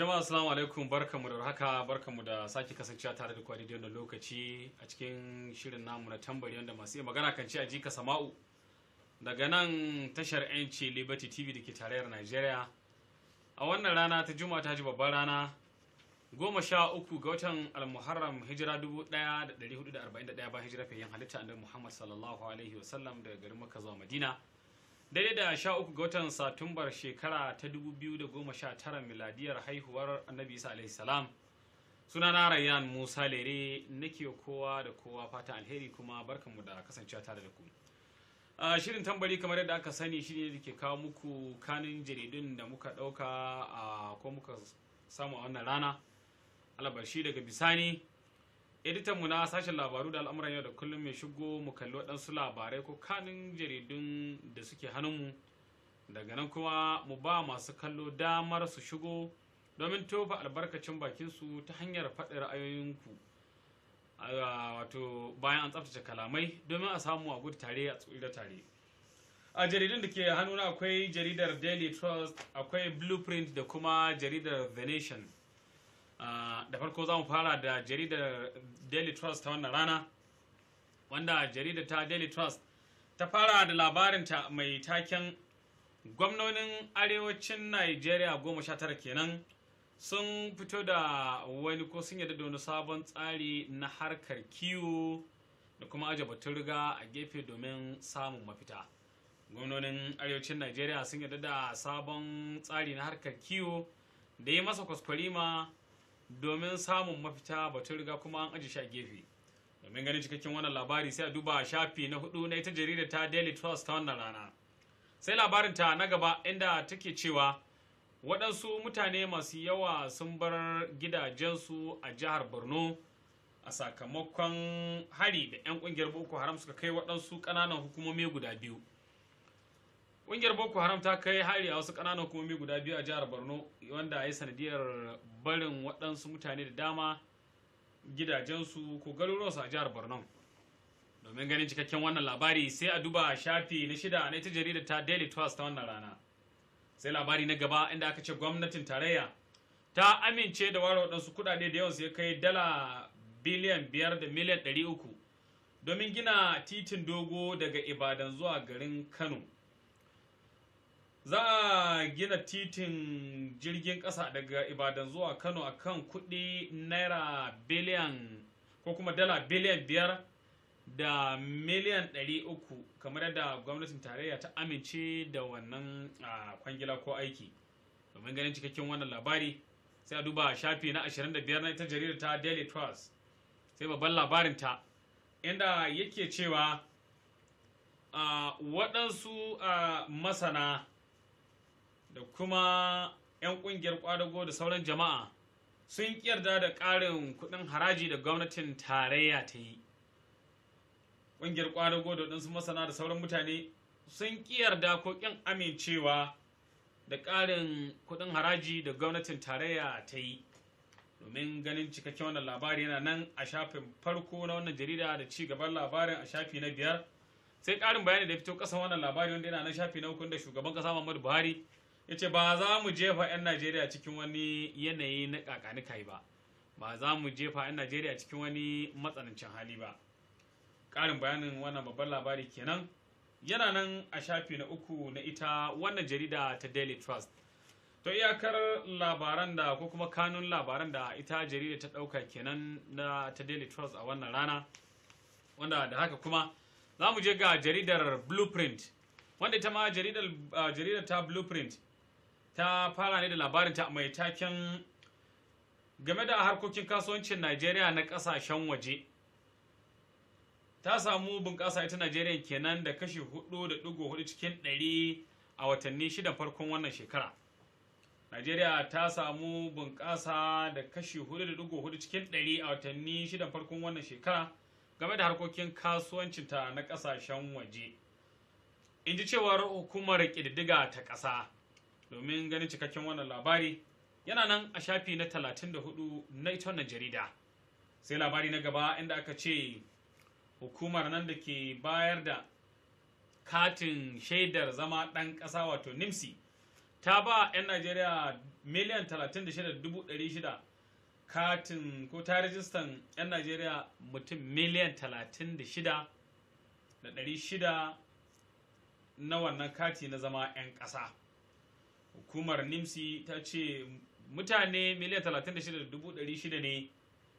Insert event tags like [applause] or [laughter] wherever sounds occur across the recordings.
jama'a assalamu alaikum barkamu da haka barkamu da sake kasancewa tare da kwari da lokaci a cikin shirin namu na tambari wanda masu iya magana kan ce a jika sama'u daga nan tashar yanci liberty tv da ke tarayyar nigeria a wannan rana ta juma ta ji babbar rana goma sha uku ga watan al-muharram hijira dubu daya da dari hudu da arba'in da daya bayan hijira fayyan halitta annabi muhammad sallallahu alaihi wasallam daga garin makka zuwa madina daidai da sha uku ga watan satumbar shekara ta 2019 miladiyar haihuwar annabi isa alaihi salam suna na rayan musa lere nake kowa da kowa fata alheri kuma barkan mu da kasancewa tare da ku shirin tambari kamar yadda aka sani shine da ke kawo muku kanin jaridun da muka dauka ko muka samu a wannan rana albarshi daga bisani editanmu na sashen labaru da al'amuran yau da kullum mai shigo mu kalli waɗansu labarai ko kanin jaridun da suke hannunmu daga nan kuma mu ba masu kallo damar su shigo domin tofa albarkacin bakinsu ta hanyar faɗi ra'ayoyinku wato bayan an tsaftace kalamai domin a samu a gudu tare a da tare a jaridun da ke hannuna akwai jaridar daily trust akwai blueprint da kuma jaridar the nation da farko za mu fara da jaridar daily trust ta wannan rana wanda jarida ta daily trust ta fara da labarinta mai taken gwamnonin arewacin nigeria goma sha tara kenan sun fito da wani ko sun yarda da wani sabon tsari na harkar kiwo da kuma aje batun riga a gefe domin samun mafita gwamnonin arewacin nigeria sun yarda da sabon tsari na harkar kiwo da yi masa kwaskwarima domin samun mafita batun riga kuma an aji sha gefe domin ganin cikakken wannan labari sai a duba shafi na hudu na ita jarida ta daily trust ta wannan rana sai labarin ta na gaba inda take cewa waɗansu mutane masu yawa sun bar gidajensu a jihar borno a sakamakon hari da 'yan ƙungiyar boko haram suka kai waɗansu ƙananan hukumomi guda biyu Ƙungiyar Boko Haram ta kai hari a wasu ƙananan hukumomi guda biyu a jihar Borno wanda ya yi sanadiyar barin waɗansu mutane da dama gidajensu ko garuruwansu a jihar Borno. Domin ganin cikakken wannan labari sai a duba shafi na shida na ita jarida ta Daily Trust ta wannan rana. Sai labari na gaba inda aka ce gwamnatin tarayya ta amince da ware waɗansu kuɗaɗe da yawansu ya kai dala biliyan biyar da miliyan ɗari uku domin gina titin dogo daga Ibadan zuwa garin Kano. za a gina titin jirgin ƙasa daga ibadan zuwa kano a kan kudi naira biliyan ko kuma dala biliyan biyar da miliyan ɗari uku kamar yadda gwamnatin tarayya ta amince da wannan kwangila ko aiki domin ganin cikakken wannan labari sai a duba shafi na 25 na ita jaridar ta daily trust sai babban labarin ta inda yake cewa waɗansu masana da kuma 'yan ƙungiyar kwadago da sauran jama'a sun yarda da ƙarin kuɗin haraji da gwamnatin tarayya ta yi ƙungiyar ƙwadago da waɗansu masana da sauran mutane sun yarda ko ƙin amincewa da ƙarin kuɗin haraji da gwamnatin tarayya ta yi domin ganin cikakken wannan labari yana nan a shafin farko na wannan jarida da ci gaban labarin a shafi na biyar sai ƙarin bayani da fito ƙasa wannan labari wanda yana nan shafi na hukun da shugaban ƙasa muhammadu buhari ya ce ba za mu jefa 'yan najeriya cikin wani yanayi na kakani kai ba ba za mu jefa 'yan najeriya cikin wani matsanancin hali ba ƙarin bayanin wannan babban labari kenan yana nan a shafi na uku na ita wannan jarida ta daily trust to iyakar labaran da ko kuma kanun labaran da ita jarida ta ɗauka kenan na ta daily trust a wannan rana wanda da haka kuma za mu je ga jaridar blueprint wanda ita ma jaridar ta blueprint ta fara ne da labarinta mai taken game da harkokin kasuwancin najeriya na kasashen waje ta samu bunƙasa ita najeriya kenan da kashi 4.4 cikin 100 a watanni shidan farkon wannan shekara najeriya ta samu bunƙasa da kashi 4.4 cikin 100 a watanni shidan farkon wannan shekara game da harkokin kasuwancinta na kasashen waje in ji cewar hukumar ƙididdiga ta ƙasa domin ganin cikakken wannan labari yana nan a shafi na 34 na ito na jarida sai labari na gaba inda aka ce hukumar nan da ke bayar da katin shaidar zama ɗan ƙasa wato nimsi ta ba 'yan najeriya miliyan 36,600 katin ko ta rajistan 'yan najeriya mutum miliyan 36,600 na wannan kati na zama 'yan ƙasa hukumar nimsi ta ce mutane miliyan 36,600 ne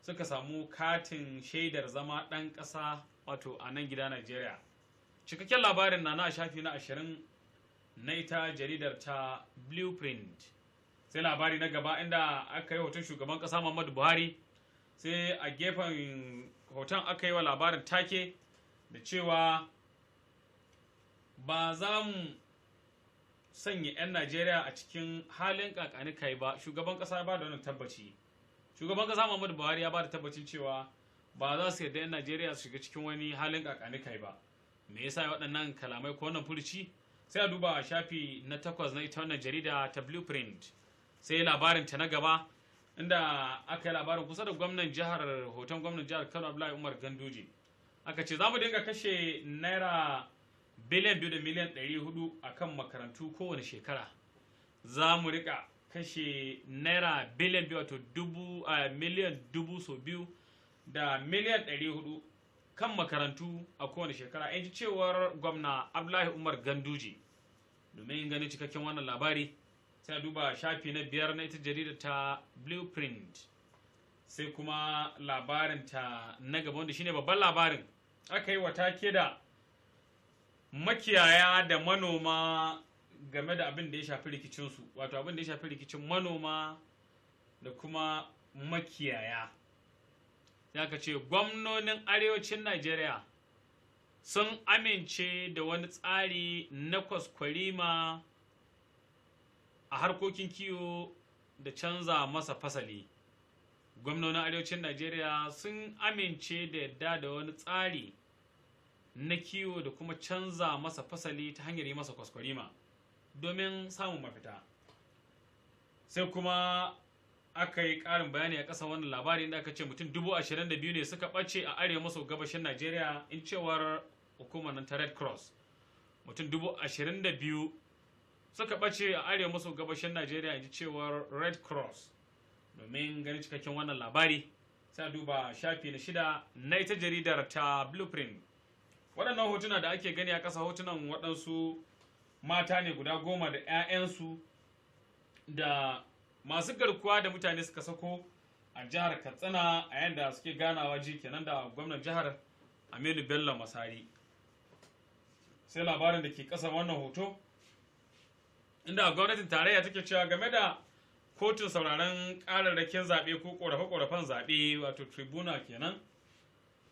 suka samu katin shaidar zama ɗan ƙasa wato a nan gida najeriya cikakken labarin na na shafi na 20 na ita jaridar ta blueprint sai labari na gaba inda aka yi hoton shugaban ƙasa muhammadu buhari sai a gefen hoton aka yi wa labarin take da cewa ba za mu sanya 'yan najeriya a cikin halin kakani kai ba shugaban kasa ba da wannan tabbaci shugaban kasa muhammadu buhari ya ba da tabbacin cewa ba za su yarda 'yan najeriya su shiga cikin wani halin kakani kai ba me yasa waɗannan kalamai ko wannan furuci sai a duba shafi na takwas na ita wannan jarida ta blueprint sai labarin ta na gaba inda aka yi labarin kusa da gwamnan jihar hoton gwamnan jihar kano abdullahi umar ganduje aka ce za mu dinga kashe naira biliyan biyu da miliyan ɗari hudu a kan makarantu kowane shekara za mu rika kashe naira biliyan biyu wato dubu a miliyan dubu so biyu da miliyan ɗari hudu kan makarantu a kowane shekara in ji cewar gwamna abdullahi umar ganduje domin in ganin cikakken wannan labari sai duba shafi na biyar na ita jarida ta blueprint sai kuma labarin ta na gaba wanda shine babban labarin aka yi wa take da makiyaya da manoma game da abin da ya shafi rikicinsu wato abin da ya shafi rikicin manoma da kuma makiyaya ya ka ce gwamnonin arewacin najeriya sun amince da wani tsari na kwaskwarima a harkokin kiwo da canza masa fasali gwamnonin arewacin najeriya sun amince da yadda da wani tsari na kiwo da kuma canza masa fasali ta hanyar yi masa kwaskwarima domin samun mafita sai kuma aka yi ƙarin bayani a ƙasa wannan labarin da aka ce mutum dubu ashirin da biyu ne suka ɓace a arewa maso gabashin najeriya in cewar hukumar nan ta red cross mutum dubu ashirin da biyu suka ɓace a arewa maso gabashin najeriya in cewar red cross domin gani cikakken wannan labari sai duba shafi na shida na ita jaridar ta blueprint waɗannan hotuna da ake gani a ƙasa hotunan waɗansu mata ne guda goma da 'ya'yansu da masu garkuwa da mutane suka sako a jihar katsina a yadda suke ganawa ji kenan da gwamnan jihar aminu bello masari sai labarin da ke ƙasa wannan hoto inda gwamnatin tarayya take cewa game da kotun sauraron ƙararrakin zaɓe ko ƙorafe-ƙorafen zaɓe wato tribuna kenan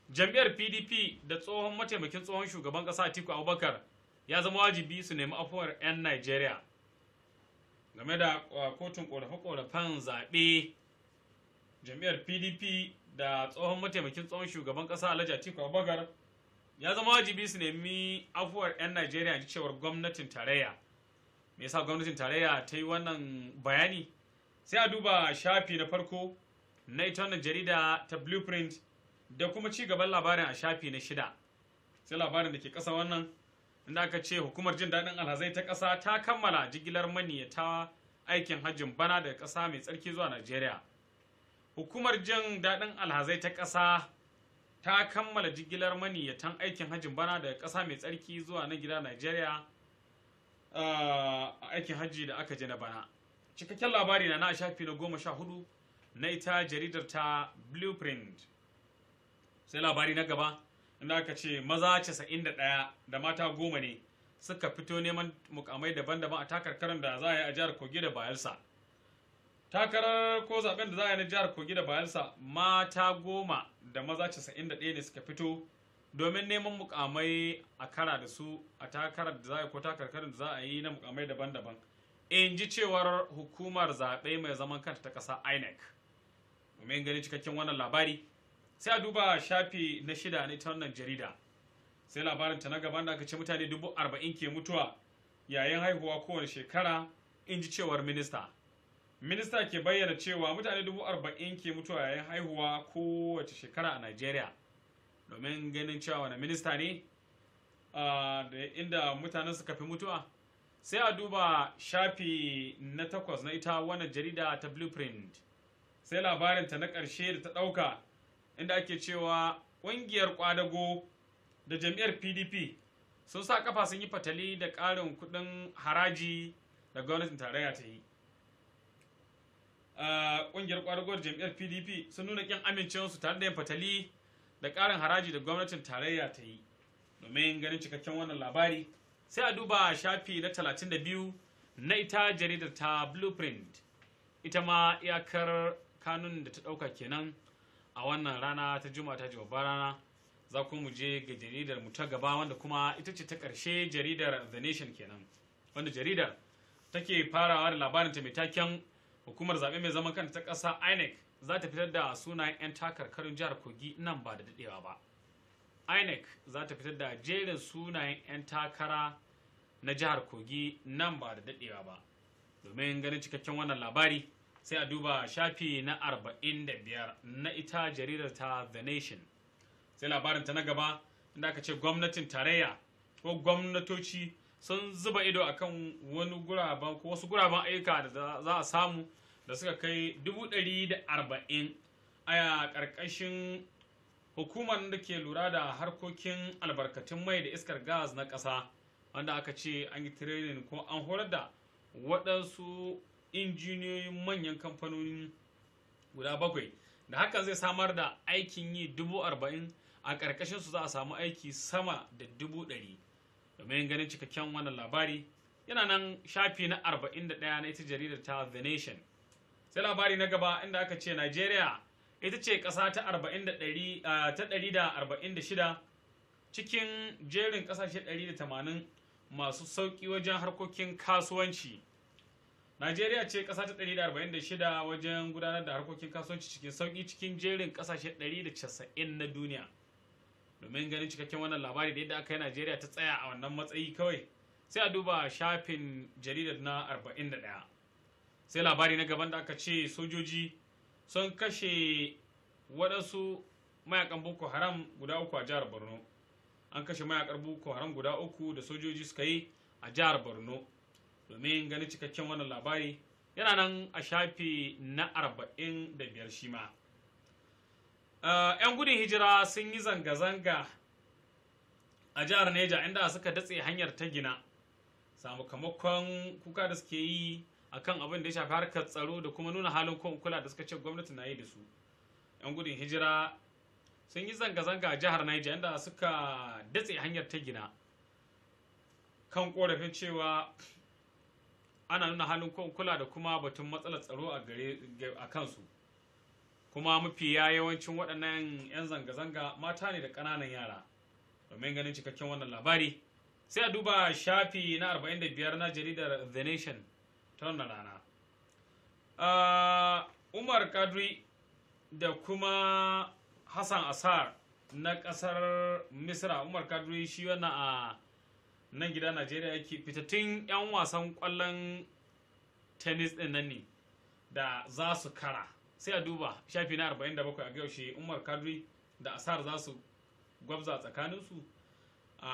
jam'iyyar pdp da tsohon mataimakin tsohon shugaban ƙasa atiku abubakar ya zama wajibi su nemi afuwar 'yan najeriya game da uh, kotun ƙorafe korafen zaɓe jam'iyyar pdp da tsohon mataimakin tsohon shugaban ƙasa alhaji atiku abubakar ya zama wajibi su nemi afuwar 'yan najeriya ji cewar gwamnatin tarayya me yasa gwamnatin tarayya ta yi wannan bayani sai a duba shafi na farko na ita wannan jarida ta blueprint da kuma ci gaban labarin a shafi na shida sai labarin da ke ƙasa wannan inda aka ce hukumar jin daɗin alhazai ta ƙasa ta kammala jigilar maniyyata aikin hajjin bana daga ƙasa mai tsarki zuwa najeriya hukumar jin daɗin alhazai ta ƙasa ta kammala jigilar maniyyatan aikin hajjin bana daga ƙasa mai tsarki zuwa na gida najeriya a aikin hajji da aka je na bana cikakken labari na na shafi na goma sha hudu na ita jaridar ta blueprint sai labari na gaba inda aka ce maza 91 da mata goma ne suka fito neman mukamai daban-daban a takarkarar da za a yi a jihar kogi da bayelsa takarar ko zaben da za a yi na jihar kogi da bayelsa mata goma da maza 91 ne suka fito domin neman mukamai a kara da su a takarar da za a yi ko takarkarin da za a yi na mukamai daban-daban in ji cewar hukumar zaɓe mai zaman kanta ta ƙasa inec domin ganin cikakken wannan labari sai a duba shafi na shida ne ta wannan jarida sai labarinta na gaban da aka ce mutane dubu arba'in ke mutuwa yayin haihuwa kowane shekara in ji cewar minista minista ke bayyana cewa mutane dubu arba'in ke mutuwa yayin haihuwa kowace shekara a nigeria domin ganin cewa wani minista ne inda mutanen suka fi mutuwa sai a duba shafi na takwas na ita wannan jarida ta blueprint sai labarinta na ƙarshe da ta ɗauka inda ake cewa ƙungiyar kwadago da jam'iyyar pdp sun sa kafa sun yi fatali da ƙarin kuɗin haraji da gwamnatin tarayya ta yi ƙungiyar kwadago da jam'iyyar pdp sun nuna ƙin amincewarsu tare da yin fatali da ƙarin haraji da gwamnatin tarayya ta yi domin ganin cikakken wannan labari sai a duba shafi na 32 na ita jaridar ta blueprint ita ma iyakar kanun da ta ɗauka kenan a wannan rana ta juma ta babbar rana za ku mu je ga jaridar mu ta gaba wanda kuma ita ce ta karshe jaridar the nation kenan wanda jaridar take farawa da labarin ta mai taken hukumar zaɓe mai zaman kanta ta ƙasa inec za ta fitar da sunayen 'yan takarkarin jihar kogi nan ba da daɗewa ba inec za ta fitar da jerin sunayen 'yan takara na jihar kogi nan ba da daɗewa ba domin ganin cikakken wannan labari sai a duba shafi na 45 na ita jaridar ta the nation sai labarin ta na gaba inda aka ce gwamnatin tarayya ko gwamnatoci sun zuba ido akan wani guraben ko wasu guraben ayyuka da za a samu da suka kai 140 a ƙarƙashin hukumar da ke lura da harkokin albarkatun mai da iskar gas na ƙasa wanda aka ce an yi training ko an horar da waɗansu injiniyoyin manyan kamfanoni guda bakwai da hakan zai samar da aikin yi dubu arba'in a ƙarƙashin su za a samu aiki sama da dubu ɗari domin ganin cikakken wannan labari yana nan shafi na arba'in da ɗaya na ita jaridar ta the nation sai labari na gaba inda aka ce nigeria ita ce ƙasa ta ɗari da arba'in da shida cikin jerin ƙasashe ɗari da tamanin masu sauƙi wajen harkokin kasuwanci Najeriya ce ƙasa ta 146 wajen gudanar da harkokin kasuwanci cikin sauƙi cikin jerin ƙasashe 190 na duniya. Domin ganin cikakken wannan labari da yadda aka yi Najeriya ta tsaya a wannan matsayi kawai sai a duba shafin jaridar na 41. Sai labari na gaban da aka ce sojoji sun kashe waɗansu mayakan Boko Haram guda uku a jihar Borno. An kashe mayakan Boko Haram guda uku da sojoji suka yi a jihar Borno. domin ganin cikakken wannan labari yana nan a shafi na arba'in da biyar shi ma uh, yan gudun hijira sun yi zanga-zanga a jihar neja inda suka datse hanyar ta gina sakamakon kuka da suke yi akan abin da ya shafi harkar tsaro da kuma nuna halin kula da suka ce gwamnati na yi da su yan gudun hijira sun yi zanga-zanga a jihar Niger inda suka datse hanyar ta gina kan korafin cewa ana nuna halin kula da kuma batun matsalar tsaro a kansu kuma mafi mafiya yawancin waɗannan 'yan zanga-zanga mata ne da ƙananan yara domin ganin cikakken wannan labari sai a duba shafi na 45 na jaridar the nation ta wannan rana ah, umar kadri da kuma hassan asar na ƙasar misra umar kadri shi wannan a nan gida najeriya yake fitattun 'yan wasan kwallon tennis din nan ne da za su kara sai a duba shafi na 47 a gaushe umar kadri da asar za su gwabza tsakaninsu a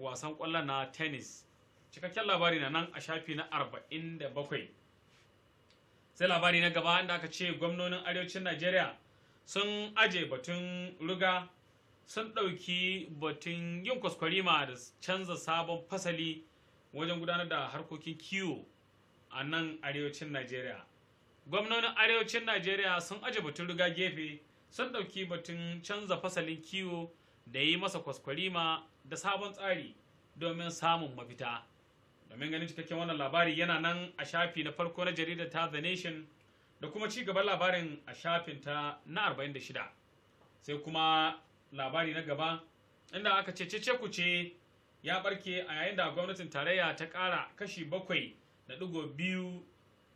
wasan kwallon na tennis cikakken labari na nan a shafi na 47 sai labari na gaba inda aka ce gwamnonin arewacin najeriya sun aje batun ruga sun ɗauki batun yin kwaskwarima da canza sabon fasali wajen gudanar da harkokin kiwo a nan arewacin najeriya gwamnonin arewacin najeriya sun aje batun riga gefe sun ɗauki batun canza fasalin kiwo da yi masa kwaskwarima da sabon tsari domin samun mafita domin ganin cikakken wannan labari yana nan a shafi na farko na jaridar ta the nation da kuma ci gaban labarin a shafin ta na 46 sai kuma labari na gaba inda aka ce ce ku ce ya barke a yayin da gwamnatin tarayya ta kara kashi bakwai da digo biyu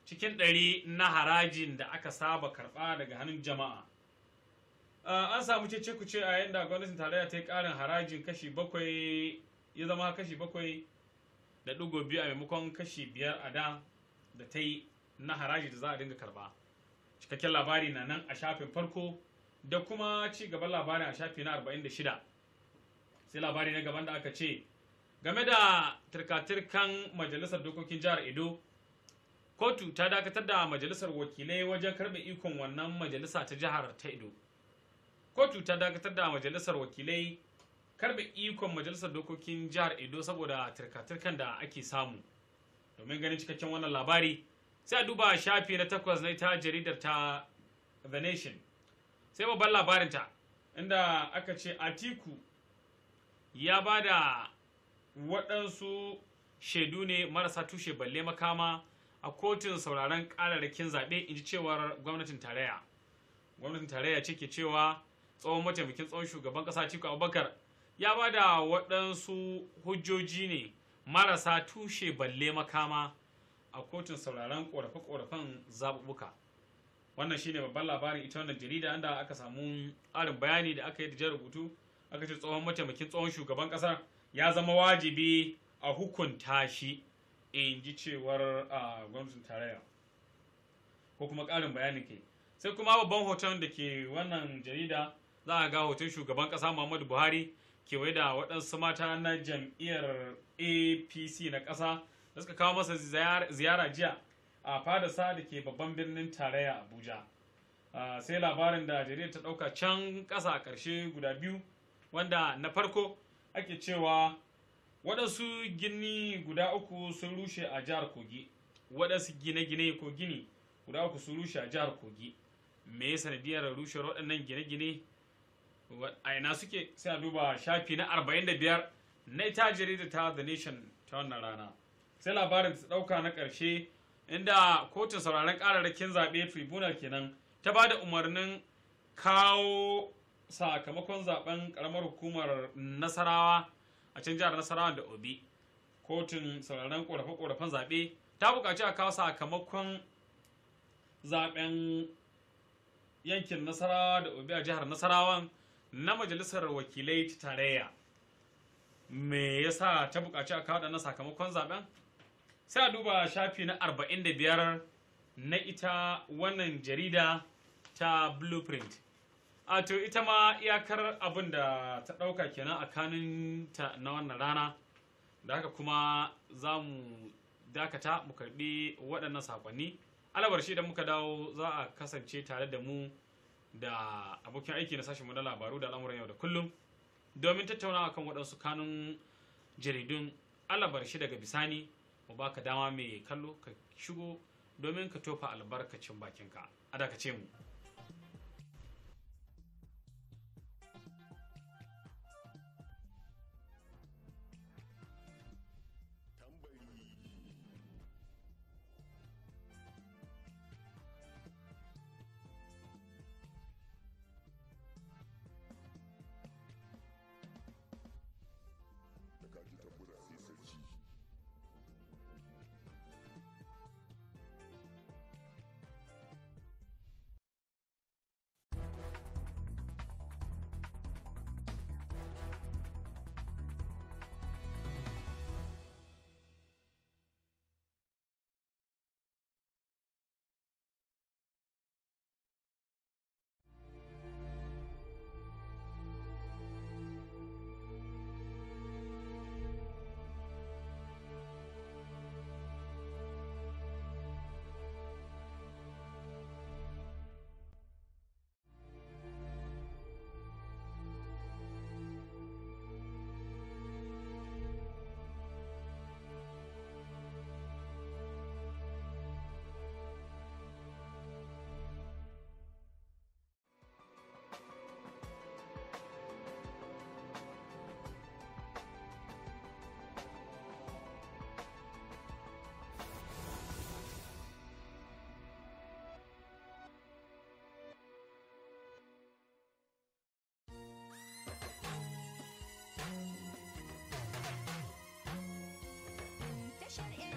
cikin ɗari na harajin da aka saba karba daga hannun jama'a an samu ce ku ce a yayin da gwamnatin tarayya ta yi ƙarin harajin kashi bakwai ya zama kashi bakwai da digo biyu a maimakon kashi biyar a da da ta yi na haraji da za a dinga karɓa cikakken labari na nan a shafin farko da kuma ci gaban labarin a shafi na 46 sai labari na gaban da aka ce game da turka-turkan majalisar dokokin jihar edo kotu ta dakatar da majalisar wakilai wajen karbe ikon wannan majalisa ta jihar ta edo kotu ta dakatar da majalisar wakilai karbe ikon majalisar dokokin jihar edo saboda turka-turkan da ake samu domin ganin cikakken wannan labari sai a duba shafi na takwas na ita jaridar ta the nation sai babban labarinta inda aka ce atiku ya ba da waɗansu shaidu ne marasa tushe balle makama a kotun sauraron kararrakin zaɓe in ji cewar gwamnatin tarayya gwamnatin tarayya ce ke cewa tsawon mataimakin tsawon shugaban ƙasa atiku abubakar ya ba da waɗansu hujjoji ne marasa tushe balle makama a kotun sauraron ƙorafe-ƙorafen zaɓuɓɓuka wannan shine babban labarin ita wannan jarida inda aka samu ƙarin bayani da aka yi da rubutu aka ce tsohon mataimakin tsohon shugaban ƙasa ya zama wajibi a hukunta shi in ji cewar gwamnatin tarayya ko kuma ƙarin bayani ke sai kuma babban hoton da ke wannan jarida za a ga hoton shugaban ƙasa muhammadu buhari kewaye da waɗansu mata na jam'iyyar apc na ƙasa da suka kawo masa ziyara jiya a sa da ke babban birnin tarayya abuja sai labarin da jaridar ta ɗauka can ƙasa ƙarshe guda biyu wanda na farko ake cewa waɗansu gini guda uku sun rushe a jihar kogi waɗansu gine-gine ko gini guda uku sun rushe a jihar kogi me ya sanadiyar rushe waɗannan gine-gine a ina suke sai a duba shafi na 45 na ita jarida ta the nation ta wannan rana sai labarin ta ɗauka na ƙarshe inda kotun sauraron kararrakin zaɓe tribunal kenan ta ba da umarnin kawo sakamakon zaben karamar hukumar nasarawa a can jihar nasarawa da obi kotun sauraron korafe-korafen zaɓe ta buƙaci a kawo sakamakon zaɓen yankin nasarawa da obi a jihar nasarawa na majalisar wakilai tarayya me yasa ta buƙaci a kawo na sakamakon zaɓen? sai a duba shafi na 45 na ita wannan jarida ta blueprint a to ita ma iyakar abin da ta ɗauka kenan a kanin ta na wannan rana da haka kuma za mu dakata mu karɓi waɗannan sakonni alabar shi da muka dawo za a kasance tare da mu da abokin aiki na sashen na labaru da al'amuran yau da kullum domin tattaunawa kan waɗansu kanun jaridun alabar shi daga bisani mu baka dama mai kallo ka shigo domin ka tofa albarkacin bakinka a dakace mu shut it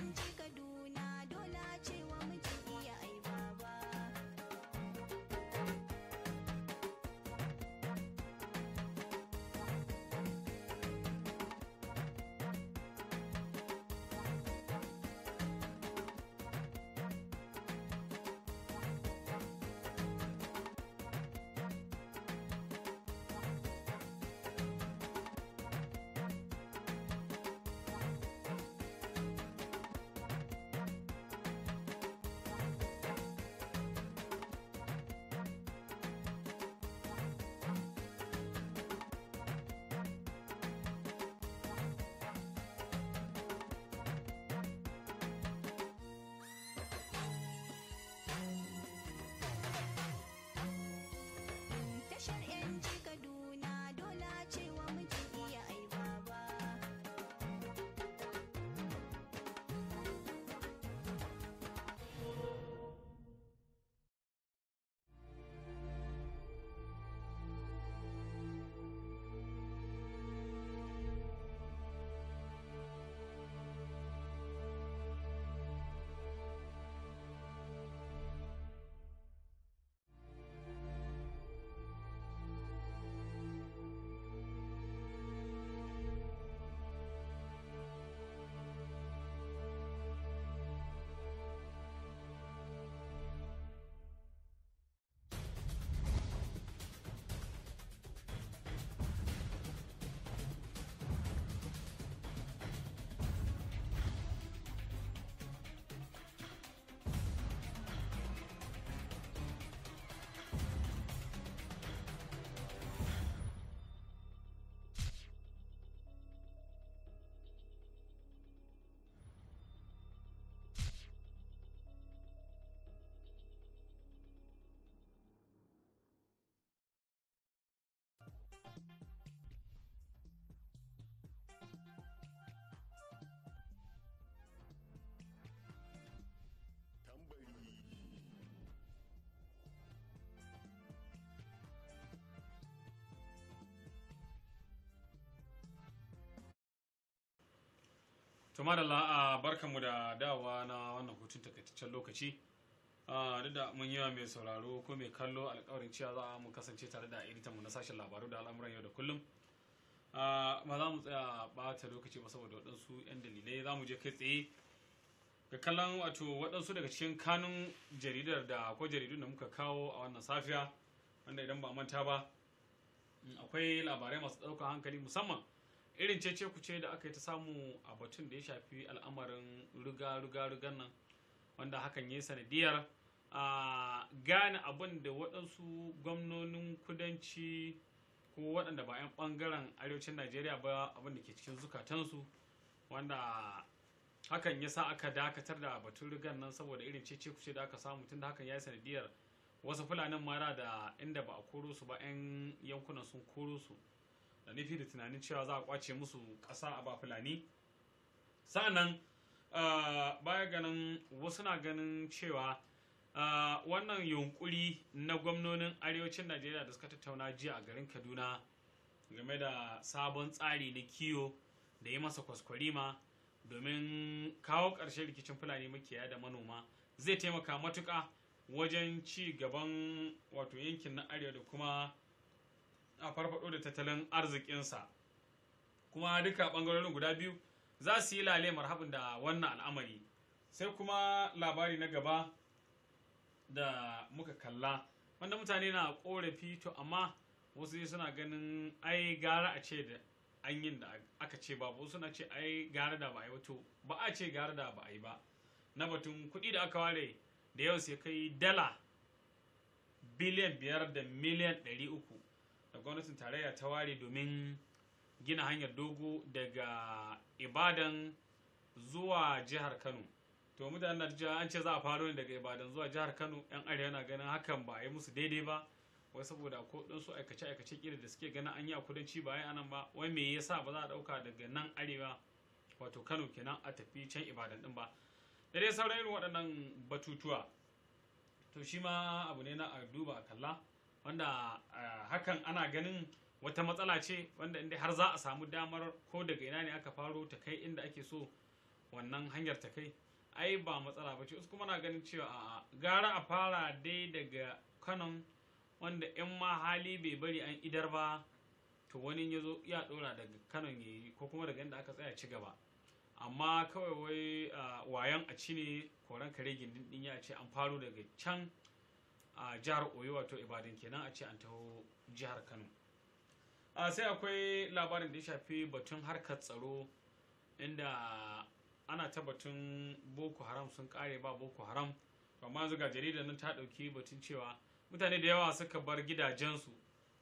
to madalla a barkanmu da dawa na wannan hutun takaitaccen lokaci duk da mun yiwa mai sauraro ko mai kallo alkawarin cewa za mu kasance tare da mu na sashen labaru da al'amuran yau da kullum ba za mu tsaya bata lokaci ba saboda waɗansu 'yan dalilai za mu je kai tsaye ga kallon wato waɗansu daga cikin kanun jaridar da ko jaridun da muka kawo a wannan safiya wanda idan ba manta ba akwai labarai masu ɗaukar hankali musamman irin cece ce da aka yi ta samu a batun da ya shafi al'amarin ruga ruga ruga nan wanda hakan ya yi sanadiyar a gane abin da waɗansu gwamnonin kudanci ko waɗanda ba 'yan ɓangaren arewacin najeriya ba abin da ke cikin zukatansu wanda hakan ya sa aka dakatar da batun rigan nan saboda irin cece ce da aka samu tun da hakan ya yi sanadiyar wasu fulanin mara da inda ba a koro su ba 'yan yankunan sun koro su da nufi da tunanin cewa za a kwace musu ƙasa a ba fulani sa'annan ah, baya ganin wasu na ganin cewa ah, wannan yunkuri na gwamnonin arewacin najeriya da suka tattauna jiya a garin kaduna game da sabon tsari na kiyo da yi masa kwaskwarima domin kawo ƙarshen rikicin fulani makiyaya da manoma zai taimaka matuƙa wajen ci gaban wato yankin na arewa da kuma a farfado da tattalin arzikinsa kuma duka bangarorin guda biyu za su yi lale marhabin da wannan al'amari sai kuma labari na gaba da muka kalla wanda mutane na korafi to amma wasu suna ganin ai gara a ce da an yin da aka ce ba wasu suna ce ai gara da ba a yi wato ba a ce gara da ba a yi ba na batun kuɗi da aka ware da yau sai kai dala biliyan biyar da miliyan ɗari uku da gwamnatin tarayya ta ware domin gina hanyar dogo daga ibadan zuwa jihar kano to mutanen jiya an ce za a faro ne daga ibadan zuwa jihar kano yan arewa na ganin hakan ba a yi musu daidai ba wai saboda ko su aikace aikace kira da suke ganin an yi a kudanci ba yi anan ba wai me yasa ba za a dauka daga nan arewa wato kano kenan a tafi can ibadan din ba da dai sauran waɗannan batutuwa to shi ma abu ne na a duba a kalla wanda eh, hakan ana ganin wata matsala ce wanda inda har za a samu damar ko daga ina ne aka faro ta kai inda ake so wannan hanyar ta kai ai ba matsala ba ce wasu kuma ganin cewa a gara a fara dai daga kanon wanda yan ma hali bai bari an idar ba to wani ya zo ya dora daga kanon ya yi ko kuma daga inda aka tsaya ci gaba amma kawai wai eh, wayan a ci ne koran kare gindin din ya ce an faro daga can a jihar oyo wato ibadan kenan a ce an taho jihar kano a sai akwai labarin da ya shafi batun harkar tsaro inda ana ta batun boko haram sun kare ba boko haram amma zuga jaridar nan ta ɗauki batun cewa mutane da yawa suka bar gidajensu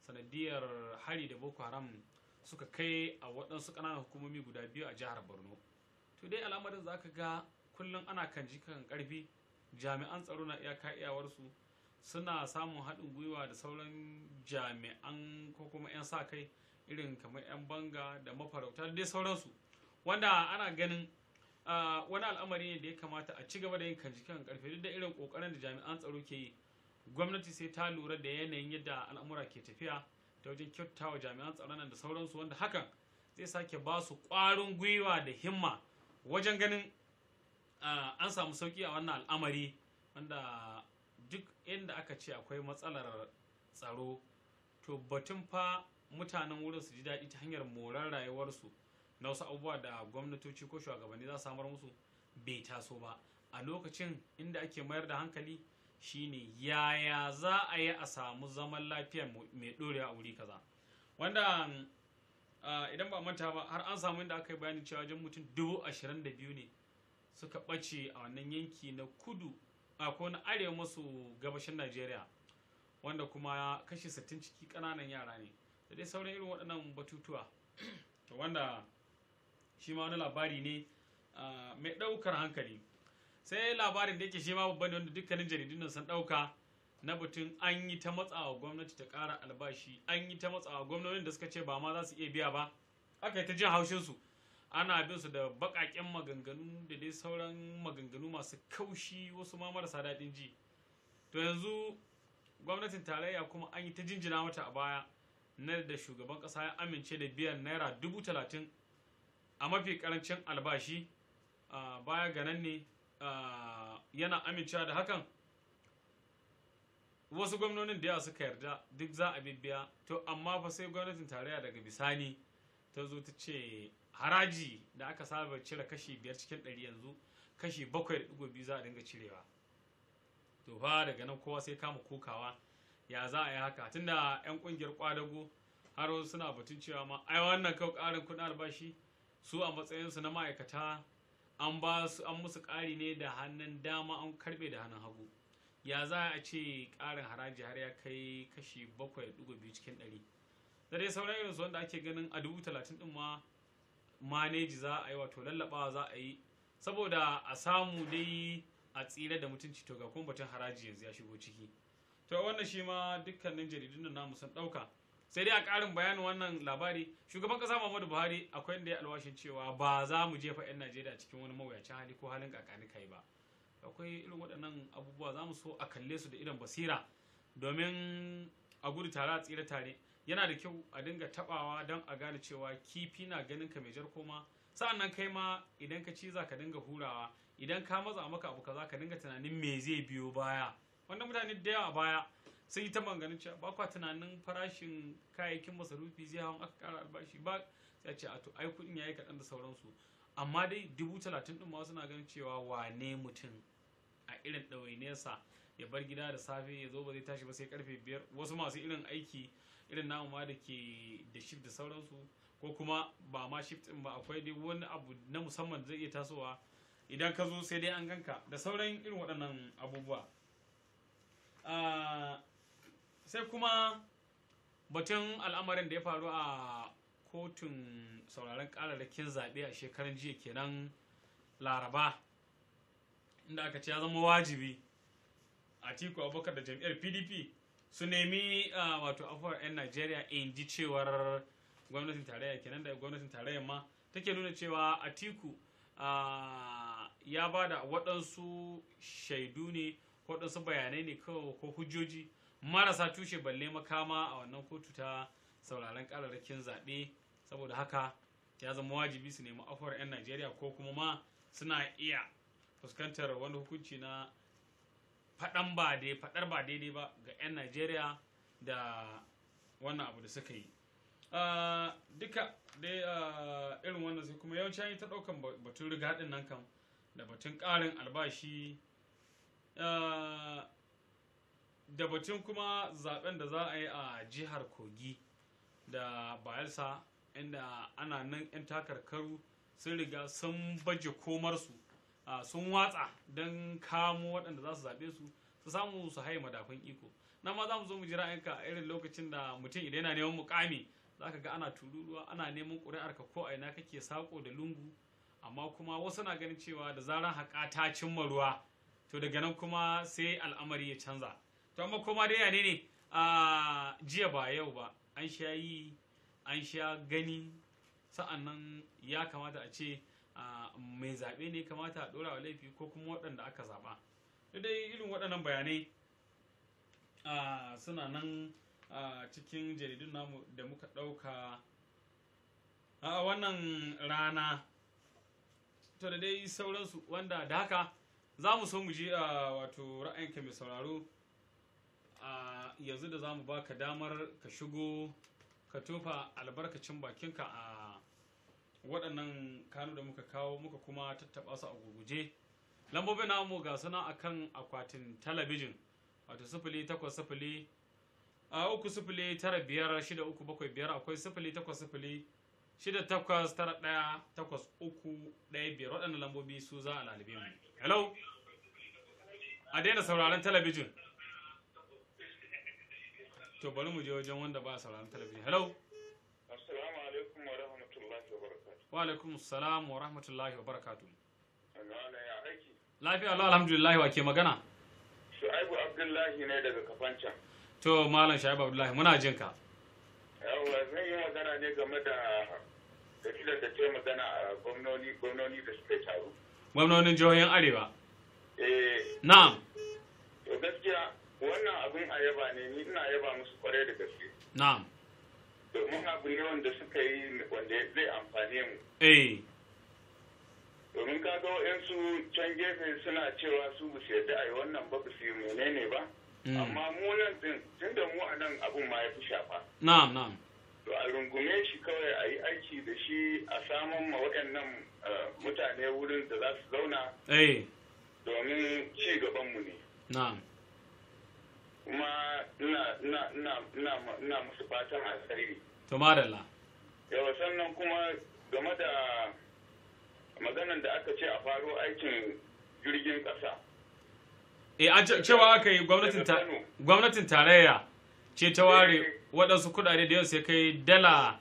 sanadiyar hari da boko haram suka kai a waɗansu ƙananan hukumomi guda biyu a jihar borno to dai al'amarin za ka ga kullum ana kan jikan ƙarfi jami'an tsaro na iyaka iyawarsu suna samun haɗin gwiwa da sauran jami'an ko kuma 'yan sa kai irin kamar 'yan banga da mafarauta da dai sauransu wanda ana ganin wani al'amari ne da ya kamata a ci gaba da yin kan karfe duk da irin kokarin da jami'an tsaro ke yi gwamnati sai ta lura da yanayin yadda al'amura ke tafiya ta wajen kyautawa jami'an tsaro nan da sauransu wanda hakan zai sake ba su ƙwarin gwiwa da himma wajen ganin an samu sauki a wannan al'amari wanda duk inda aka ce akwai matsalar tsaro to batun fa mutanen wurin su ji daɗi ta hanyar moran rayuwarsu na wasu abubuwa da gwamnatoci ko shugabanni za su samar musu bai taso ba a lokacin inda ake mayar da hankali shine yaya za a yi a samu zaman lafiya mai ɗorewa a wuri kaza wanda idan ba manta ba har an samu inda aka yi bayani cewa wajen mutum dubu ashirin da biyu ne suka ɓace a wannan yanki na kudu ko na arewa masu gabashin najeriya wanda kuma kashe 60 ciki kananan yara ne da dai sauran irin waɗannan batutuwa to wanda shi ma wani labari ne mai ɗaukar hankali sai labarin da yake shi ma babban wanda dukkanin jaridun nan sun ɗauka na batun an yi ta matsawa gwamnati ta ƙara albashi an yi ta matsawa gwamnonin da suka ce ba ma za su iya biya ba aka yi ta jin haushinsu ana bin su da baƙaƙen maganganu da dai sauran maganganu masu kaushi wasu ma marasa daɗin ji to yanzu gwamnatin tarayya kuma an yi ta jinjina mata a baya na da shugaban ƙasa ya amince da biyan naira dubu talatin a mafi ƙarancin albashi baya ga nan ne yana amincewa da hakan wasu gwamnonin da yawa suka yarda duk za a bibiya to amma fa sai gwamnatin tarayya daga bisani ta zo ta ce haraji da aka saba cire kashi biyar cikin ɗari yanzu kashi bakwai da ɗigo biyu za a dinga cirewa to fa daga nan kowa sai kama kokawa ya za a yi haka tunda yan ƙungiyar kwadago har suna batun cewa ma ai wannan kawai ƙarin kuɗin albashi su a matsayinsu na ma'aikata an ba su an musu ƙari ne da hannun dama an karɓe da hannun hagu ya za a ce ƙarin haraji har ya kai kashi bakwai da ɗigo biyu cikin ɗari da dai sauran yanzu wanda ake ganin a dubu talatin ɗin ma maneji za a yi wato lallabawa za a yi saboda a samu dai a tsira da mutunci to ga kuma batun haraji yanzu ya shigo ciki to wannan shi ma dukkanin jaridun nan namu sun dauka sai dai a karin bayanin wannan labari shugaban kasa Muhammadu Buhari akwai inda ya alwashin cewa ba za mu jefa yan Najeriya cikin wani mawuyacin hali ko halin kakani kai ba akwai irin waɗannan abubuwa za mu so a kalle su da irin basira domin a gudu tare a tsira tare yana da kyau a dinga tabawa don a gane cewa kifi na ganin ka mai jar koma sa'annan kai ma idan ka ci za ka dinga hurawa idan ka maza maka abu kaza ka dinga tunanin me zai biyo baya wanda mutane da yawa baya sun yi ta maganin cewa ba kwa tunanin farashin kayayyakin masarufi zai hau aka kara albashi ba sai ce a to ai kuɗin yayi kaɗan da sauransu amma dai dubu talatin ɗin ma suna ganin cewa wane mutum a irin ɗawainiyarsa ya bar gida da safe ya zo ba zai tashi ba sai karfe biyar wasu masu irin aiki irin namu ma da ke da shift da sauransu ko kuma ba ma shift din ba akwai dai wani abu na musamman da zai iya tasowa idan ka zo sai dai an ganka da sauran irin waɗannan abubuwa ah, sai kuma batun al'amarin da ya faru a kotun sauraron kararrakin zaɓe a shekarun jiya kenan laraba inda aka ce ya zama wajibi a tiku abokan da jam'iyyar pdp su nemi ah, wato afuwar 'yan najeriya in ji cewar gwamnatin tarayya kenan da gwamnatin tarayya ma take nuna cewa atiku ah, ya ba da waɗansu shaidu ne waɗansu bayanai ne kawai ko hujjoji marasa tushe balle makama a wannan kotu ta sauraren ƙararrakin zaɓe saboda haka ya zama wajibi su nemi afuwar 'yan najeriya ko kuma ma suna iya fuskantar wani hukunci na faɗan ba dai faɗar ba daidai ba ga 'yan najeriya da wannan abu da suka yi ah, duka dai ah, irin wannan sai kuma yawanci yi ta ɗaukan batun riga nan kan da batun ƙarin albashi ah, da batun kuma zaben da za a yi a jihar kogi da bayelsa inda ana nan 'yan takarkaru sun riga sun baje komarsu sun watsa don kamo waɗanda za su zaɓe su su samu su haye madafun iko na ma za mu zo mu ji ra'ayinka a irin lokacin da mutum idan yana neman mukami za ka ga ana tururuwa ana neman ƙuri'ar ka ko a ina kake saƙo da lungu amma kuma wasu na ganin cewa da zaran haƙa ta cimma ruwa to daga nan kuma sai al'amari ya canza to amma kuma dai yane ne a jiya ba yau ba an sha yi an sha gani sa'annan ya kamata a ce mai zaɓe ne kamata a ɗora wa laifi ko kuma waɗanda aka zaɓa dai irin waɗannan bayanai suna nan cikin jaridun namu da muka ɗauka a wannan rana to da dai sauransu wanda da haka za mu so mu ji wato ra'ayinka mai sauraro a yanzu da za mu ba ka damar ka shigo ka tofa albarkacin bakinka a waɗannan kanu da muka kawo muka kuma tattaɓa su a gurguje lambobin namu ga suna akan akwatin talabijin wato sifili takwas sifili a uku sifili tara biyar shida uku bakwai biyar akwai sifili takwas sifili shida takwas tara ɗaya takwas uku ɗaya biyar waɗannan lambobi su za a lalibe mu hello a daina sauraron talabijin to bari mu je wajen wanda ba a sauraron talabijin hello wa alaikum salam wa rahmatullahi wa barakatu lafiya Allah wa ke magana shu'aibu abdullahi ne daga kafancan to malam shu'aibu abdullahi muna jin ka yawa zan yi magana ne game da tafiyar da ta magana a gwamnoni gwamnoni da suke taru gwamnonin jihohin arewa eh na'am to gaskiya wannan abin ayaba ne ni ina yaba musu kwarai da gaske na'am domin abu ne wanda suka yi wanda zai amfane mu eh. domin kaga waɗansu can gefe suna cewa su bu su yadda a wannan ba ba su yi menene ba mm. amma mu nan din tun mu a nan abun ma ya fi shafa na'am na'am to a rungume shi kawai a yi aiki da shi a samun ma waɗannan eh, mutane wurin da za su zauna eh. domin ci gaban mu ne na'am ina musu fatan alkhairi to madalla yawa sannan kuma game da maganan da aka ce a faro aikin jirgin ƙasa eh, e a cewa aka yi gwamnatin tarayya ce ta ware eh. waɗansu kuɗaɗe da yau sai kai dala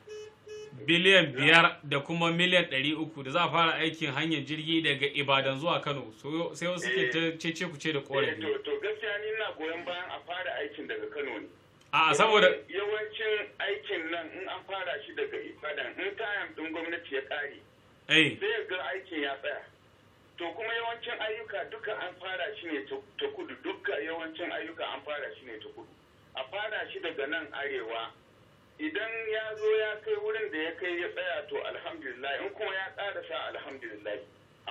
biliyan biyar da kuma miliyan ɗari uku da za a fara aikin hanyar jirgi daga ibadan zuwa kano sai wasu ke ta eh. cece ku ce da ne. Eh, to gaskiya ni na goyon bayan a fara aikin daga kano ne a saboda yawancin aikin nan in an fara shi daga ibadan in kayan din gwamnati ya kare eh. sai ga aikin ya tsaya to kuma yawancin ayyuka duka an fara shi ne ta kudu duka yawancin ayyuka an fara shi ne ta kudu a fara shi daga nan arewa idan ya zo ya kai wurin da ya kai ya tsaya to alhamdulillah in kuma ya karasa alhamdulillah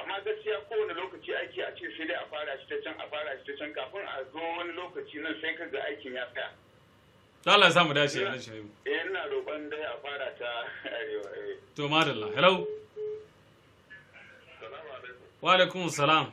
amma gaskiya kowane lokaci aiki a ce sai dai a fara shi ta can a fara shi ta can kafin a zo wani lokaci nan sai ka ga aikin ya tsaya Allah Allah samu dace ya shi mu eh ina roƙon dai a fara ta arewa eh. to madalla hello wa alaikum salam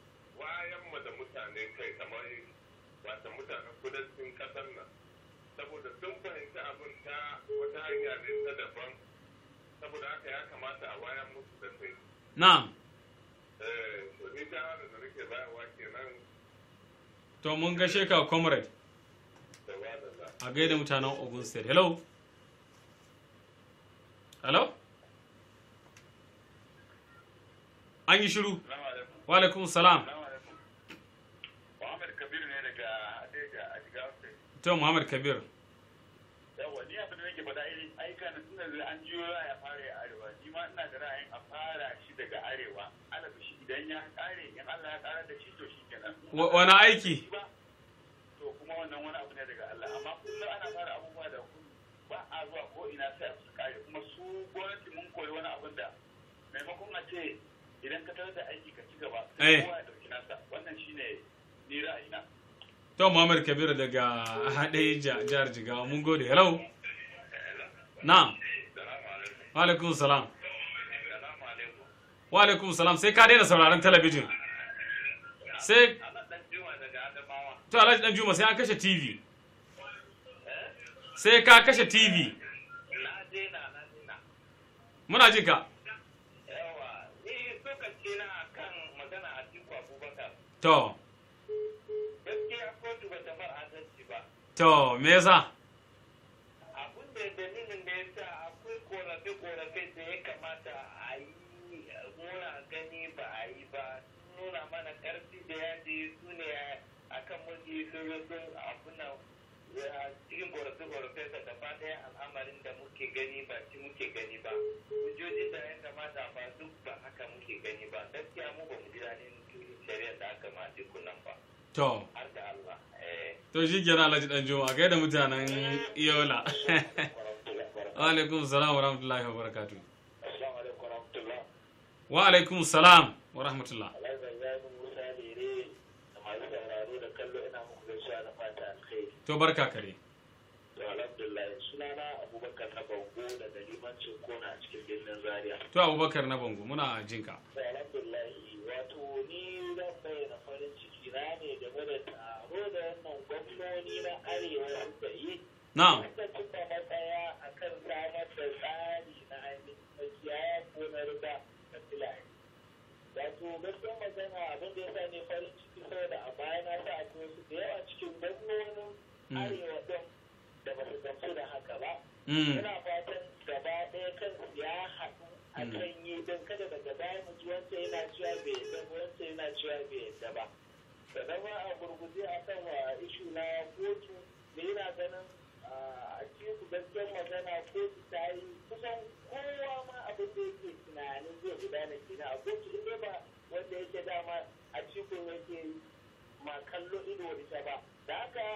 wayan da mutane kai kamar wata mutanen kudancin kasar nan saboda sun fahimci abin ta wata hanya ne ta daban saboda haka ya kamata a wayan musu da kai na'am eh to ni ta da nake bayarwa kenan to mun gashe ka comrade a gaida mutanen Ogun State hello hello an yi shiru wa alaikum salam to muhammad kabir yawa ni abin da nake faɗa irin eh, aika na tunan da an jiyo ya fara ya arewa ni ma ina da ra'ayin a fara shi daga arewa alabi shi idan ya kare in Allah ya kara da shi to shi kenan wani aiki to kuma wannan wani abu ne daga Allah amma kullum ana fara abubuwa da ba a zuwa ko ina sai su kare kuma su gwamnati mun koyi wani abun da maimakon a ce idan ka tarar da aiki ka ci gaba sai eh. kowa ya ɗauki nasa wannan shine ni ra'ayina to muhammad kabiru daga haɗe jihar jigawa mun gode hello na alaikum salam wa alaikum salam sai ka daina sauraron talabijin sai to alhaji dan juma sai an kashe tv sai ka kashe tv muna ji ka to To, me yasa? Abin da dalilin da yasa akwai korafe-korafe da ya kamata a yi muna gani ba a yi ba nuna mana karfi da yaji su ne a kan mulki sun abuna cikin korafe-korafe da gaba daya al'amarin da muke gani ba ci muke gani ba hujjojin da ya kamata ba duk ba haka muke gani ba gaskiya mu ba mu ji daɗin shari'a da aka mace kunan ba. To. Har da Allah. to shi ke alhaji dan juma kai da mutanen iola wa alaikum salam wa rahmatullahi wa barakatu wa alaikum salam wa rahmatullahi to barka kare na bango a cikin to abubakar na bango muna jinka alhamdulillah wato ni zan bayyana farin ciki na ne game da taro da wannan gwamnoni na arewa suka yi Na'am. matsaya hmm. a kan samar da tsari na ainihin makiyaya ko riga magana abin da ya sa farin ciki saboda a baya na su da yawa cikin gwamnonin arewa ɗin da ba su da haka ba. Muna fatan gaba ɗaya haɗu a hmm. kan yi don kada daga baya mu ji wanda bai bai yadda ba. da zama a gurguje a kan uh, ishu na kotu da yana ganin uh, a cikin gaskiyar magana kotu ta yi kusan kowa ma abin da yake tunanin zai gudana kina a kotu inda ba wanda yake dama a cikin yake ma kallo ido da ba da haka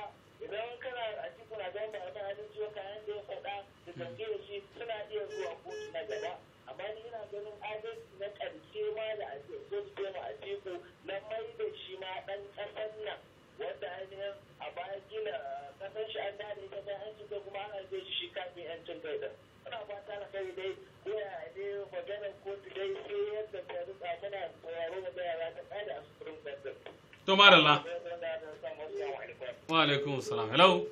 idan kana a cikin na zama a kan halin ciwo kayan da ya faɗa da zange da shi suna iya zuwa kotu na gaba amma ni yana ganin adalci na ƙarshe ma da a ce gaske ma a teku na mai da shi ma ɗan ƙasar nan wanda ainihin a baya gina ƙasar shi an dade ta kai hancin kai kuma ana zai shi kafin yancin kai ɗin. Muna fata na kai dai koya ne maganar kotu dai sai yadda ta rika muna tsoro da yara ta kada a sufurin ƙasar. To madalla. Wa alaikum salam. Hello.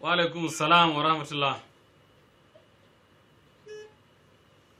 Wa alaikum salam wa rahmatullah.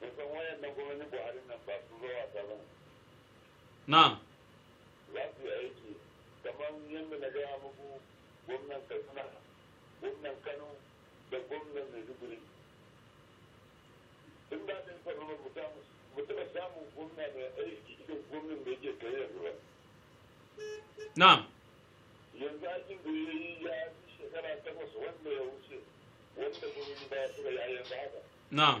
kusan wayan nan gwamnati buhari nan ba su zuwa ta na'am za su yi aiki kamar yadda na gaya muku gwamnan katsina gwamnan kano da gwamnan maiduguri ba mutum samun gwamna mai aiki gwamnan da yake na'am yanzu aikin da ya yi ya shekara takwas wanda ya wuce wanda gwamnati ba su da yayin haka na'am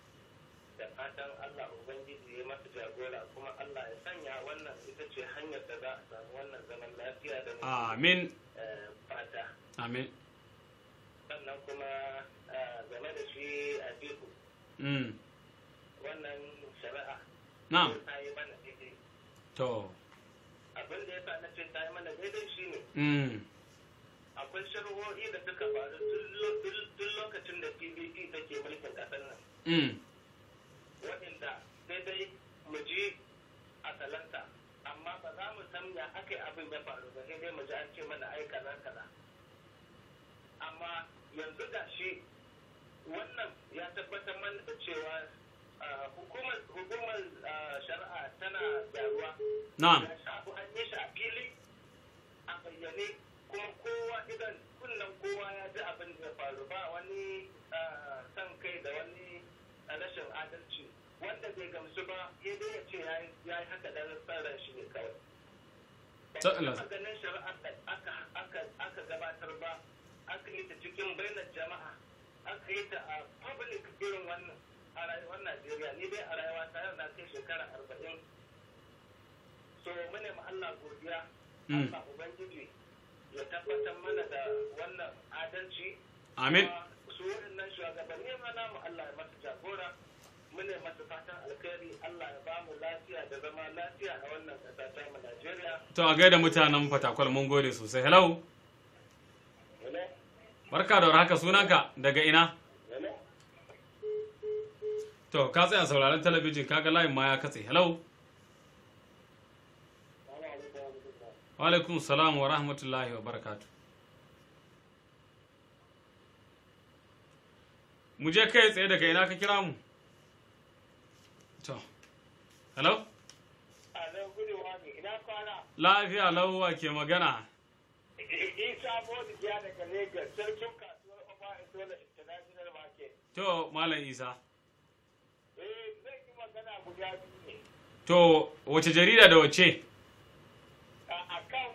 fatan Allah Ubangiji ya masa jagora kuma Allah ya sanya wannan ita ce hanyar da za a samu wannan zaman lafiya da Amin. Eh, fata. Amin. Sannan kuma eh, game da shi a Biku. Mm. Wannan shari'a. Na'am. Ta yi mana daidai. To. Abin da ya sa na ce ta yi mana daidai shi ne. Mm. Akwai shari'o'i da suka faru tun lokacin da PBP take mulkin ƙasar nan. Mm. waɗanda sai dai mu ji a talanta amma ba za mu san ya aka abin ya faru ba sai dai mu ji an ce mana ai kaza kaza amma yanzu da shi wannan ya tabbatar mana da cewa hukumar shari'a tana gyaruwa na'am abu an yi shi a fili a bayyane kuma kowa idan kunnan kowa ya ji abin da ya faru ba wani san kai da wani rashin adalci wanda bai gamsu ba ya dai ce ya yi haka da tsaron shi ne kawai. Ba ganin shari'a aka gabatar ba aka yi ta cikin bainar jama'a aka yi ta a public irin wannan a rayuwar Najeriya ni dai a rayuwa ta yau na kai shekara arba'in. So mune ma Allah godiya hmm. Allah Ubangiji ya tabbatar mana da wannan adalci. Amin. su waɗannan shugabanni ma mu Allah ya masa jagora mu ne masa fatan alkhairi Allah ya ba mu lafiya da zama lafiya a wannan ƙasa ta mu Najeriya to a gaida mutanen Fatakwal mun gode sosai hello barka da warhaka sunanka daga ina to ka tsaya sauraron talabijin kaga layin ma ya katse hello wa alaikum salam wa rahmatullahi wa barakatu mu je kai tsaye daga ina ka kira mu to hello lafiya lauwa ke magana isa bodi ya daga lagos sarkin kasuwar ofa isola international market to malam isa eh zai yi magana guda biyu ne to wace jarida da wace akan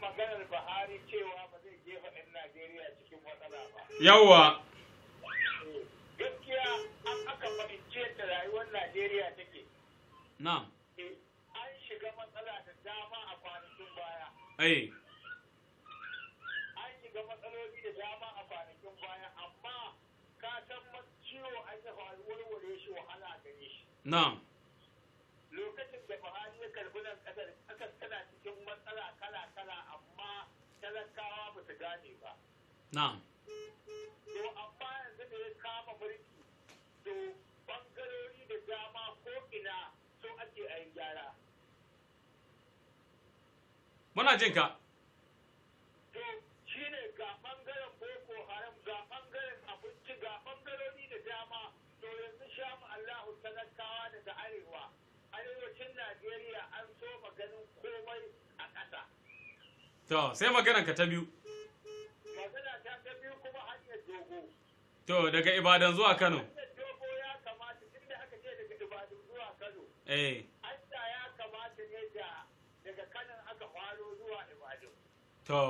maganar Buhari cewa ba zai jefa 'yan najeriya cikin matsala ba yawwa Najeriya take. Na'am. Eh, an shiga matsala da dama a kwanakin baya. Eh. An shiga matsaloli da dama a kwanakin baya amma ka san ciwo an yi faruwar ware shi wahala gare shi. Na'am. Lokacin da Buhari ya karbi nan kasar kasar tana cikin matsala kala kala amma talakawa ba su gane ba. Na'am. To amma yanzu da ya kama mulki to bangarori da dama ko ina so ake a yi gyara. Muna jin ka. To shi ne ga ɓangaren Boko Haram ga ɓangaren abinci ga ɓangarori da dama to yanzu sha mu Allahu talakawa daga arewa. Arewacin Najeriya an so maganin komai a ƙasa. To sai maganar ka ta biyu. Magana ta ta biyu kuma hanyar dogo. To daga Ibadan zuwa Kano. Eh. ya kamata ne To.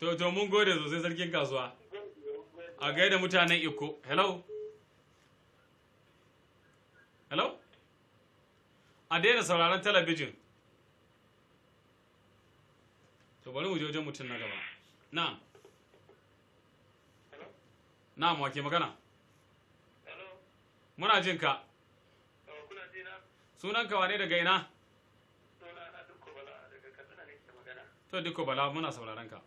To to mun gode sosai sarkin kasuwa. A gaida mutanen Iko. Hello. Hello. A daina sauraron talabijin. To bari mu je wajen mutum na gaba. Na Na'am wake magana. muna jin ka sunan ka wane daga ina to dukko bala muna sauraron ka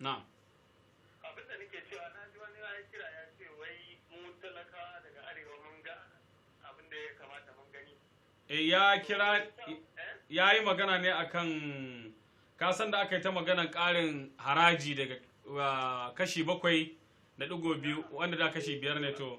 na'am na eh, ya kira ya yi magana ne akan kasan da aka yi ta maganan ƙarin haraji daga kashi bakwai da ɗigo biyu wanda da kashi biyar ne to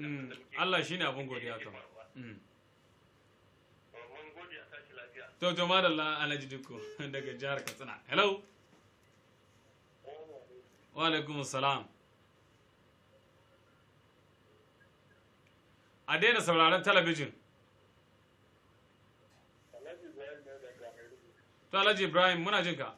Mm. Allah shine abin godiya kan mm. to to madalla alhaji dukko [laughs] daga jihar katsina hello wa alaikum salam a daina sauraron talabijin to alhaji ibrahim muna jinka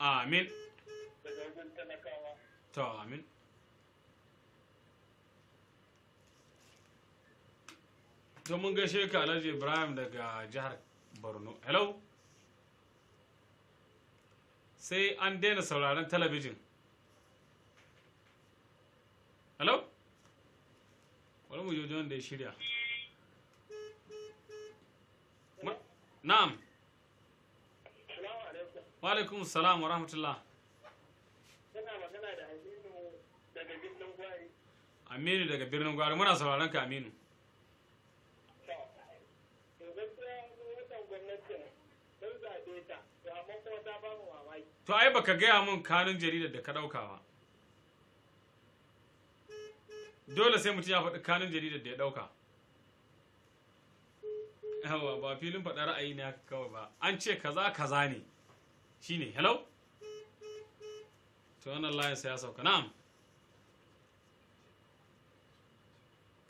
amin daga to amin to mun gaishe ka Alhaji Ibrahim daga jihar Borno hello sai an daina sauraron talabijin hello wani mu jojo ya shirya na'am wa alaikum salam wa rahmatullah kana magana da aminu daga birnin gwari aminu daga birnin gwari muna sauraron ka aminu to ai baka gaya mun kanun jaridar da ka ɗauka ba dole sai mutum ya faɗi kanun jaridar da ya ɗauka. yawa ba filin faɗa ra'ayi ne haka kawai ba an ce kaza kaza ne shine hello to wannan layin sai ya sauka na'am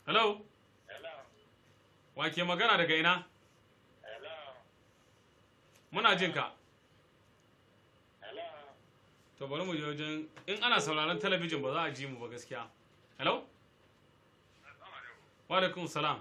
hello wa ke magana daga ina muna jin ka to bari mu je wajen in ana sauraron talabijin ba za a ji mu ba gaskiya hello wa alaikum salam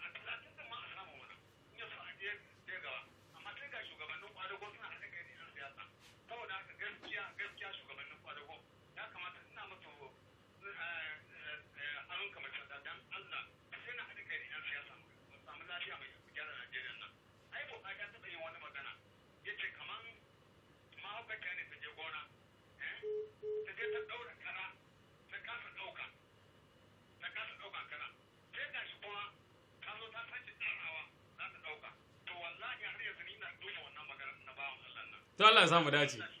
ya ce kaman mahaukaciya ne ta je gona eh? ta je ta ɗaura kara ta kasa ɗauka ta kasa ɗauka kara sai ga shi kuma ta zo ta sace tsarawa za ta ɗauka to wallahi har yanzu ni na duba wannan maganar na bawan Allah nan. Ta Allah ya samu dace.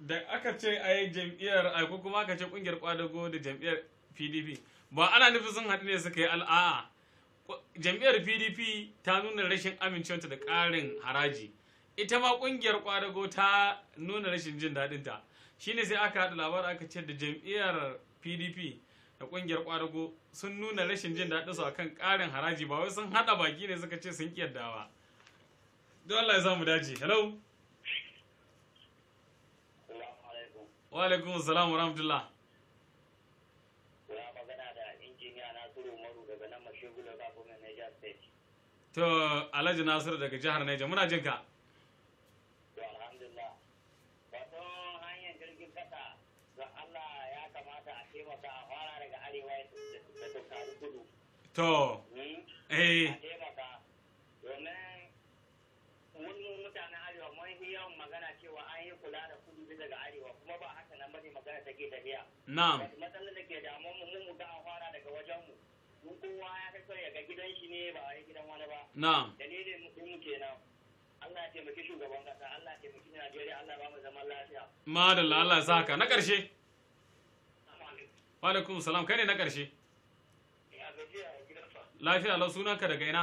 da aka ce a yi jam'iyyar ko kuma aka ce kungiyar kwadago da jam'iyyar pdp ba ana nufin sun haɗu ne suka yi al'a'a jam'iyyar pdp ta nuna rashin amincewarta da ƙarin haraji ita ma kungiyar kwadago ta nuna rashin jin daɗinta shine sai aka haɗu labar aka ce da jam'iyyar pdp da kungiyar kwadago sun nuna rashin jin daɗin su akan ƙarin haraji ba wai sun haɗa baki ne suka ce sun ƙiyar dawa don Allah ya samu dace hello wa alaikum assalam wa rahmatullah magana da injiniya nasiru umaru daga nan mashigula kafin niger state to alhaji nasiru daga jihar niger muna jin ka to alhamdulillah wato hanyar jirgin kasa don allah ya kamata a taimaka a fara daga arewa da tukaru kudu to hmm? eh yawan magana cewa an yi kula da kudu bisa ga arewa kuma ba haka nan bane magana take tafiya na'am matsalar da ke damuwa mu mun ga fara daga wajen mu mun kowa ya kai sai ga gidan shi ne ba a yi gidan wani ba na'am dalilin mu mu kenan Allah ya taimaki shugaban kasa Allah ya taimaki Najeriya Allah ba mu zaman lafiya madalla Allah ya saka na karshe wa alaikum salam kai ne na karshe eh, lafiya lau sunanka daga ina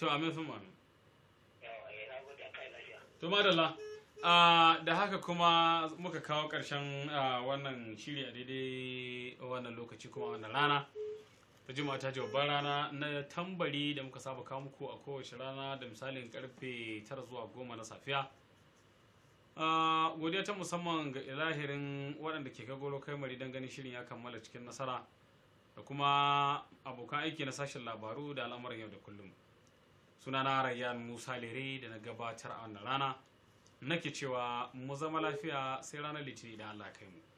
to amin sun amin to madalla da haka kuma muka kawo ƙarshen wannan shiri a daidai wannan lokaci kuma wannan rana ta jima ta ce babban rana na tambari da muka saba kawo muku a kowace rana da misalin karfe 9 zuwa 10 na safiya godiya ta musamman ga ilahirin waɗanda ke gagoro kai mari don ganin shirin ya kammala cikin nasara da kuma abokan aiki na sashen labaru da al'amuran yau da kullum sunana rayyan musa lere da na gabatar a wannan rana nake cewa mu zama lafiya sai ranar litinin da allah kai mu